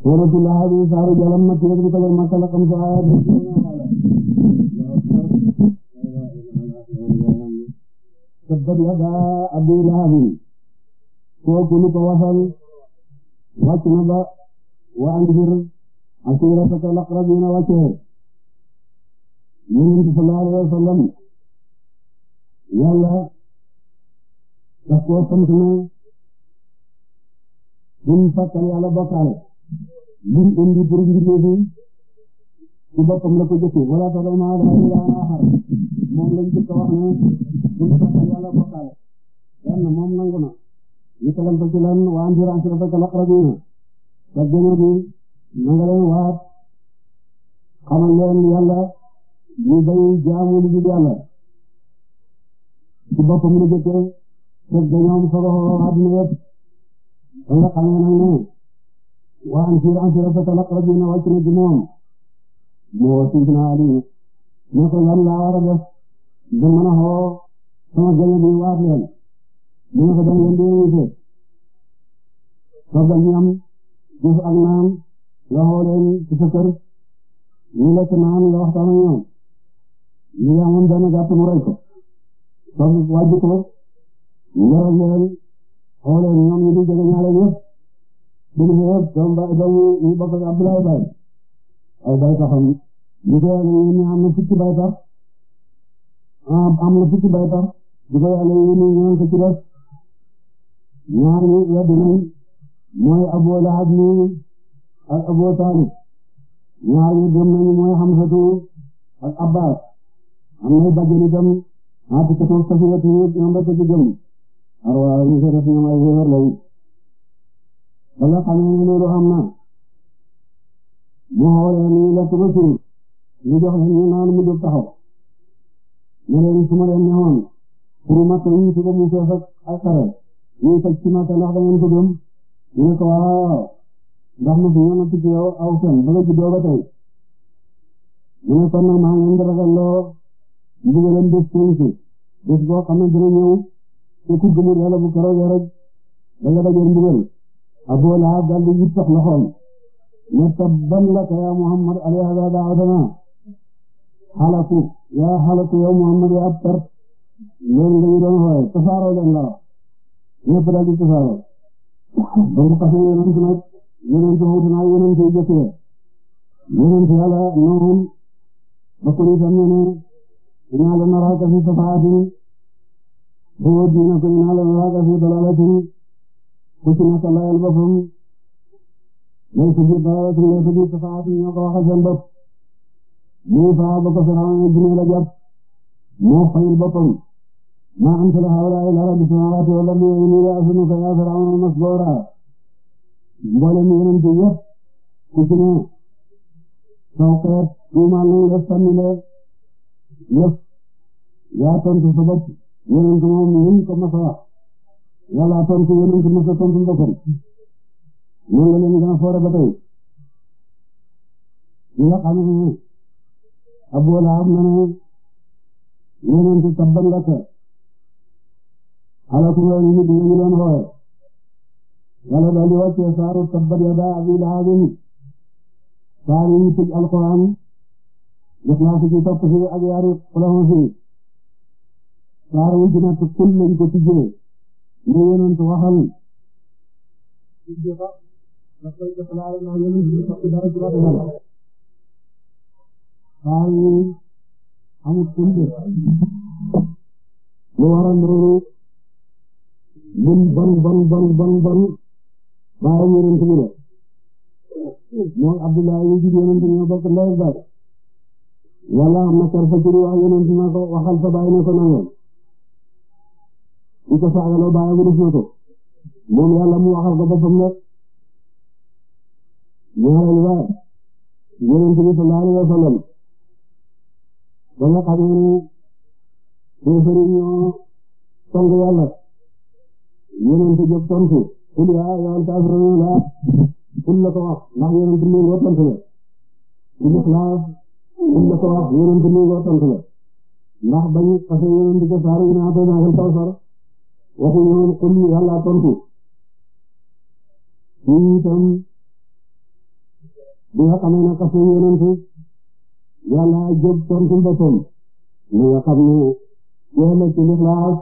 wala di laa di saaru jalam ma kiyat di kajar masala kam sa ayat di kiyana hala tabbat yada abi lahabin ko kuli ko wasal wacc na ba wa andir asirata al aqrabina wacce yonent sallallahu alayhi wa sallam yàlla daf ko sant ne bu mu fàttal yàlla bokkaale lim indi pour mbindeefi ci boppam la ko jëkkee wala sax dama la ilaha axar moom lañ jëkk wax ne buñ sàkkal yàlla bokkaale benn moom nangu na ñu kalam fa ci lan waa ambirance rafet alaqrabina sa gëne bi na nga leen waat xamal leen yàlla ñu bay jaamu lu jub yàlla ci boppam la jëkkee teg dañoom sogoxo àdduna yëpp ba nga xamee nag ne wa anzir ashiratakal aqrabiina wàcc na ci moom moo wasiif ko lan laa war a def ba mën a xoo sama leen mu ne ko dañ leen di invité toggal ñam jëf ak naan nga leen ci sa kër ñu naan nga waxtaan ak ñoom ñu ngi amoon benn gàtt mu ko togg wàjj ko yaral leen xoo leen ñoom ñu di jege ñaale bu ñu ñëwee doomu ba doomu ñu bokk ak Abdoulaye Baye ay baytaxam ñu ko yàlla yéene am na fukki baytax ah, am na fukki baytax ñu ko yàlla yéene ñeent ci des ñaar ñi wedd nañ mooy Abu Lahab mi ak Abu Talib ñaar ñi gëm nañ mooy Hamsatu ak Abbas am nay bàjjali dem ah ci katoog safiyatu ñoom ba ci gëm arwa ñu def ba nga xam ne loolu am na mu xoolee ñu lekk ba suur jox leen ñu naan mu jóg taxaw ne leen su ma leen newoon pour mat yi ci ko mu fees ak ak xare ñuy faj ci mat ndax da ngeen ko gëm ñu ne ko waaw waaw ndax mosu ñoo ci yow aw fen ba nga juddoo ba tey ñu ne kon nag maa ngi leen di ragalloo ndigalam bés penc bés boo xam ne dina ñëw te ku gëmul yàlla bu keroog rek da nga dajeel ndigal Abu Lahab daal di yittex loxoom ne tabban laka Muhammad alayhi haaza da'watunaa halaku halaku yaa Muhammad yaa ab perte loolu nga doon xoolee tasaaroo leen dara ñëpp daal di tasaaroo donc parce que yonent nag yonent wuute naa yonent yi ya yonent yàlla noonu ba ko itam ne ne fi safaatin boo dina ko dinaa la naraka fi dalalatin ku ci nekk layal boppam laysa biir daraaratum laysa biir safaatum bopp muy faa ba ko la jàpp moo fayil boppam maa amsala haa'ulaa'i illaa rabbi samaawaati wal ardi wa innii la'azuunnuka yaa Firawna masbuura mboolem yonent yëpp ku ci ne saw xeet tuumaal nañ la sànni la yëpp yaa tontu sa bopp yonent moom luñ ko a yàlla tontu yonent mos a tontu boppam noonu la leen gën a foore ba tey ñi nga xam ne Abu Lahab na ne yonent tabban laka xalaku nga nit ñi ñu doon xooye yàlla daal di wàccee saar yi tëj alquran def naa ko ci topp si ak yaari xulaxu si saar wu ci nekk kul lañ ko tijjee ñu yonent waxal xaal yi amut kunde lu waral loolu lum bon bon bon bon bon baay yonent bi la moom Abdoulaye yi jur yonent ñoo bokk ndey baay yàlla am na kersa ci wax yonent na ko waxal sa baay ne ko nangoon ku ko saagalee bàyyi wu ñu ko moom yàlla mu waxal ko boppam ne ñaareelu ba yonent bi sallallahu alayhi wa sallam ba nga xam ne kéefari ñoo song yàlla yonent jóg tontu qul yaa ayyuhal kaafiruuna qul la ko wax ndax yonent lii ngoo tontu la qul ixlaas qul la ko wax yonent lii ngoo tontu la ndax bañu xase yonent ko saaru inaa ko ñaagal kawsar waxuñu woon xul yàlla tontu ñun itam bi nga xamee ne yonentu yàlla jóg tontu boppam li nga xam ne yàlla ci lixlaas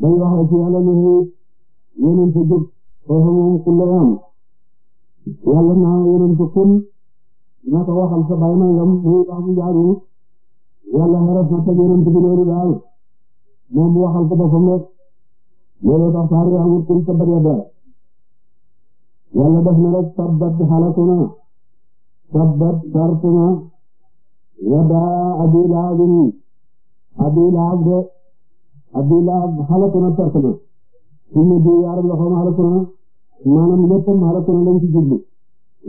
day waxee ci yàlla ñu yonentu jóg foofu moom xul yonentu xul na ko waxal sa bay nangam muy wax bu jaaru yàlla xeres na teg yonentu bi loolu daal moom waxal ko boppam rek loolu tax saar na rek sabbat halakuna sabbat sartuna wadaa abi laabin abi laab de abi laab halakuna sartuna suma di yaari loxoom halakuna maanaam léppam halakuna lañ ci jublu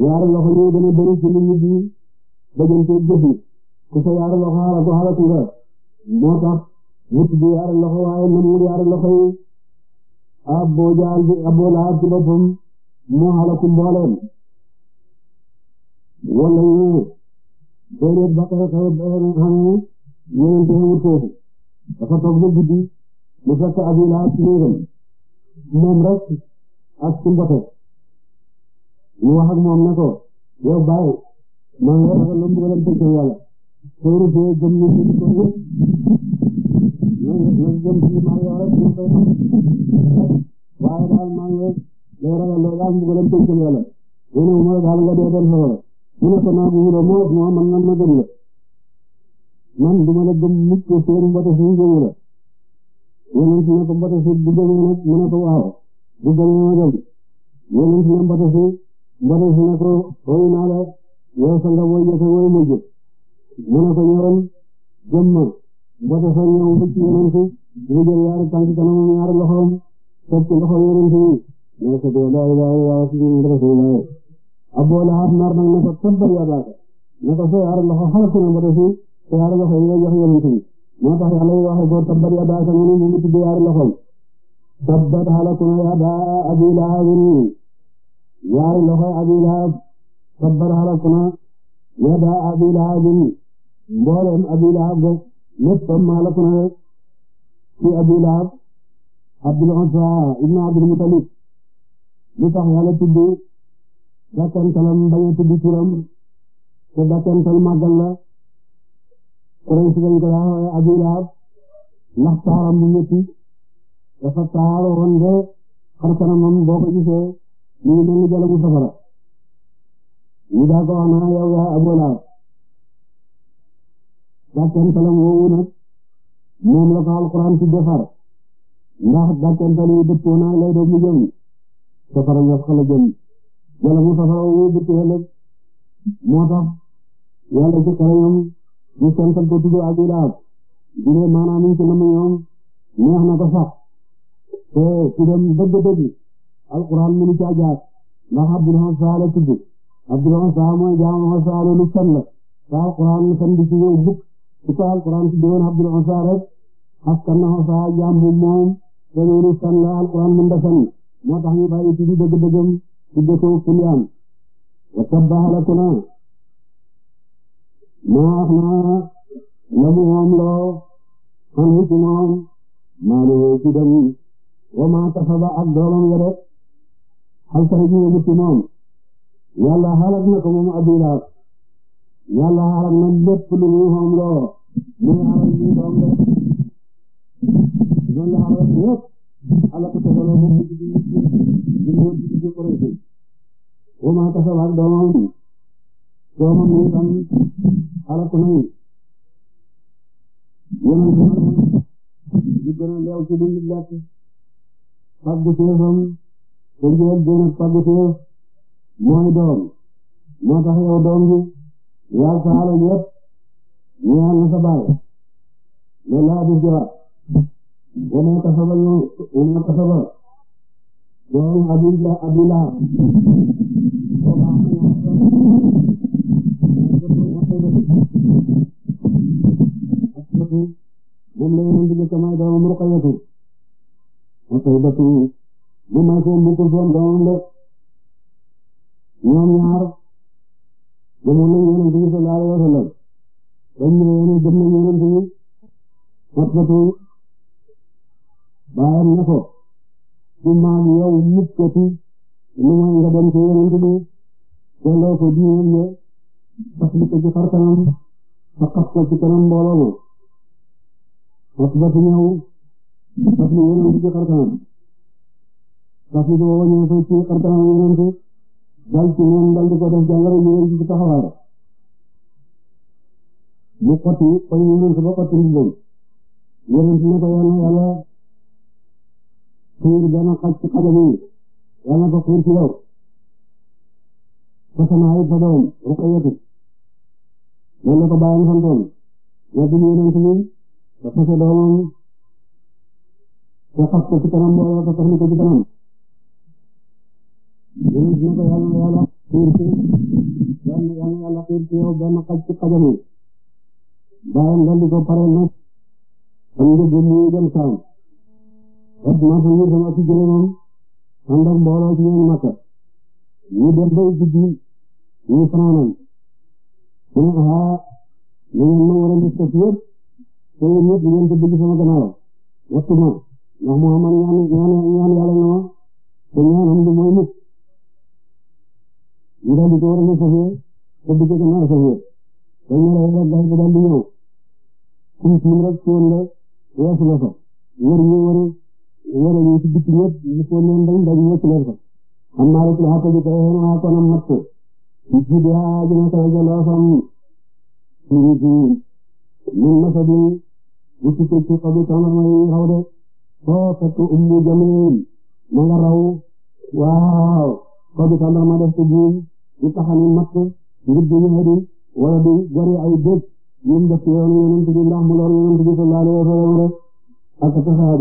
yaari loxo ñu gën a bëri ci lu ñu di dajante jëf ku sa yaari loxo halaku halaku nga moo tax wut di yaari loxo waaye namul yaari loxo yi Abu Jahl bi Abu Lahab ci boppam moo xalaku mbooleem wala ñu déedéet ba xew xew ba xamee yeneen teewul foofu dafa toog ba guddi mu fekk Abu Lahab ci néegam moom rek ak ci mbote mu moom ne ko yow bàyyi man nga ragal lu mbugalam tëj yàlla soo rutee gëm ni ñoom ñoom fii maa ngi yore fii koy waaye daal maa ngi lay ragal loolu daal mu ngi leen tënk yàlla yéen a mooy daal nga dee dem safara mu ne ko naa ko wuure moo moo man nan ma gëm la man du ma la gëm mukk seen mbote suñu gëmu la yéen fi ne ko mbote su bu gëmee nag mu ne ko waaw bu gëmee ma gëm yéen fi ne mbote su mbote su ne ko woyu naa la yow sa nga woy jëfe woy mujj mu ne ko ñoroon gëm ma boo ko soobee moom fekk ci yeneen fi mu jël ñaari tànk kanam ñaari loxoom fekk ci loxo yeneen fi mais c'est vrai daal daal daal ci ñun dafa Abu Lahab nar nag ne ko tabbat yaa Abaa Lahab ne ko sa ñaari loxo xalaatu na ba def ci sa ñaari loxo yi nga jox yeneen fi moo tax yàlla yi waxee Lahab mu ngi tudd ñaari loxoom tabbat xalaatu Lahab ñaari loxo Lahab tabbat lépp comme maa la ko ne ci Abu Lahab ibn Abdul Muttalib lu tax yàlla tudd gàttantalam bañ a tudd turam te gàttantal màggal la Quraysh dañ ko daa wooye Abu Lahab ndax taaram bu métti dafa taaroon nga xar kanamam boo ko gisee mu ngi mel ni safara ñu daa ko yaa Abu Lahab dàkkantalam woowu nag moom la ko alxuraan ci defar ndax dàkkantal yi dëppoo naa lay doog mu safara ñëpp xala jëm mu safara wu dëppoo ëllëg moo tax yàlla ci xarañam di santal ko tudd Abu Lahab di ne maanaam ñu ci nam ñoom neex na ko sax te ci dem dëgg-dëgg alxuraan mu ni caa ndax Abdurahman Saa la tudd Abdurahman Saa mooy jaamu Saa lu sant la te alxuraan sant ci yow bukk su ko alquran si diwoon Abdul Uzza rek askan na Uzza jàmbu moom te loolu san la alquran mën da san moo tax ñu bàyyi tuddu dëgg-dëggam tudde ko kuliyaan wa tabbaha lakuna maa wax naa lamu moom loo xam hu ci moom maalu ci dem wa maa kasaba ak doomam ya de xal sax ji yëgu ci moom yàlla xalat na ko moom Abu Lahab yàlla xaram na lépp lu muy xam loo muy xaram muy doom rek loolu la xaram yëpp ala ko tegaloo moom ci biir ci biir ci biir projet wa ma kasabat doomam doomam muy tam ala ko nañu yéen a di gën a leew ci dund gàtt faggu teefam te njël gën a faggu teef mooy doom moo tax yow doom bi yaa saxaale ñëpp ñu ñaan na sa baay loolu laa def jawar wala kasaba ñu wala kasaba doon abila abila moom la yonent bi ka may doomam Ruqayatu wa Saybatu mu may ko mbukul soom doomam de ñoom demoon nañ yonent bi sallallahu alayhi wa sallam dañ ñëwoon dem nañ yonent baayam ne ko su maag yow mukkati lu mooy nga dem ci yonent bi delloo ko diinam ye tax li ko ci xar kanam faqaf ko ci kanam mbooloo ma xotbatu ñëw tax li ci xar kanam tax dal ci ñoom dal di ko def jàngoro ñu leen ci taxawal mu xotti koy ñu leen ba xotti mbubbam yonent ne ko yàlla yàlla xiir benn xaj ci xajam yi yàlla ko xiir ci yow ko sama ay fa doom ruqayatu loolu la ko bàyyam santoon ne bi yonent bi te fase doomam te xas ko ci kanam boole ko tax ni ko ci kanam yéen ñu ko yàlla na yàlla xiir ci yàlla na yàlla xiir ci yow benn xaj ci xajam yi bàyyam dal di ko pare nag am nga gëm ñu dem saam et maa fa ngir dama ci jële moom ànd ak mbooloo ci yéen makka ñu dem bay guddi ñu fanaanan su ne aa na ngeen ma war a listas yëpp te yéen ñëpp ngeen ko bëgg sama gannaaw waxtu ma ndax Muhammad ñaan ñaan ñaan yàlla defee li ci waroon a safee te du ko gën a safee dañu la war a bàyyi ba daal di ñëw suñ suñ rek suñ la weesu la fa war ñu war war a ñu ci bitti ñëpp ñu foog leen dañ dañ wëcc leen fa xam naa rek laa ko di koy xëy naa ko na mat ko ah, ci ci bi aa dina koy jëloo fam suñu ci ñun nasa bi bu ci ci ci xobi tàmbali may raw de soo fekk ummu jamil ma nga raw waaw xobi tàmbali ma def ci jiw ñu taxaw ñu natt ngir di yéexee wala di gari ay bépp ñu def ci yoonu yonent bi ndax mu lor yonent bi sallallahu alayhi wa sallam rek ak taxaw